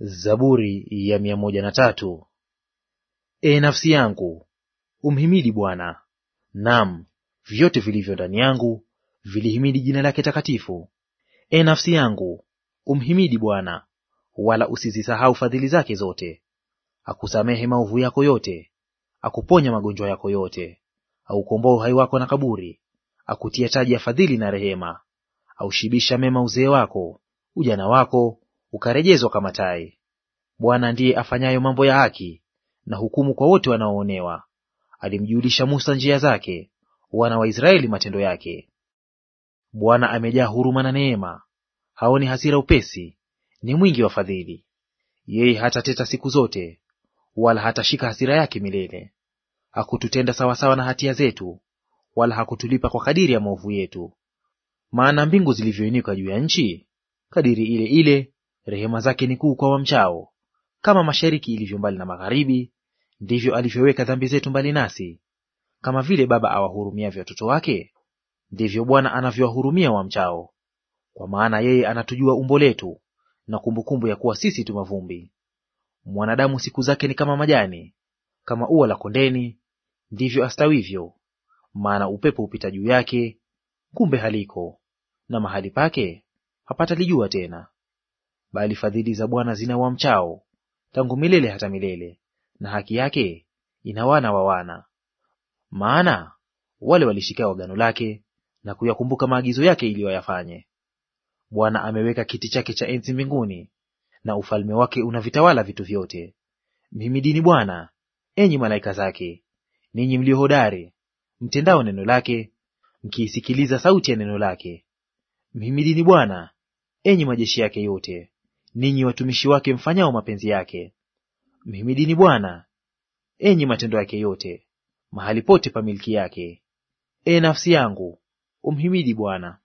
Zaburi ya mia moja na tatu. E nafsi yangu umhimidi Bwana, nam vyote vilivyo ndani yangu vilihimidi jina lake takatifu. E nafsi yangu umhimidi Bwana, wala usizisahau fadhili zake zote. Akusamehe maovu yako yote, akuponya magonjwa yako yote, aukomboa uhai wako na kaburi, akutia taji ya fadhili na rehema, aushibisha mema uzee wako, ujana wako ukarejezwa kama tai. Bwana ndiye afanyayo mambo ya haki na hukumu kwa wote wanaoonewa. Alimjulisha Musa njia zake, wana wa Israeli matendo yake. Bwana amejaa huruma na neema, haoni hasira upesi, ni mwingi wa fadhili. Yeye hatateta siku zote, wala hatashika hasira yake milele. Hakututenda sawasawa na hatia zetu, wala hakutulipa kwa kadiri ya maovu yetu. Maana mbingu zilivyoinuka juu ya nchi, kadiri ile ile Rehema zake ni kuu kwa wamchao. Kama mashariki ilivyo mbali na magharibi, ndivyo alivyoweka dhambi zetu mbali nasi. Kama vile baba awahurumiavyo watoto wake, ndivyo Bwana anavyowahurumia wamchao. Kwa maana yeye anatujua umbo letu, na kumbukumbu ya kuwa sisi tu mavumbi. Mwanadamu siku zake ni kama majani, kama ua la kondeni, ndivyo astawivyo. Maana upepo hupita juu yake, kumbe haliko, na mahali pake hapatalijua tena bali fadhili za Bwana zina wamchao tangu milele hata milele, na haki yake ina wana wa wana. Maana wale walishikao agano lake na kuyakumbuka maagizo yake ili wayafanye. Bwana ameweka kiti chake cha enzi mbinguni, na ufalme wake unavitawala vitu vyote. Mhimidini Bwana, enyi malaika zake, ninyi mlio hodari mtendao neno lake, mkiisikiliza sauti ya neno lake. Mhimidini Bwana, enyi majeshi yake yote ninyi watumishi wake mfanyao mapenzi yake. Mhimidini Bwana, enyi matendo yake yote, mahali pote pa milki yake. E nafsi yangu, umhimidi Bwana.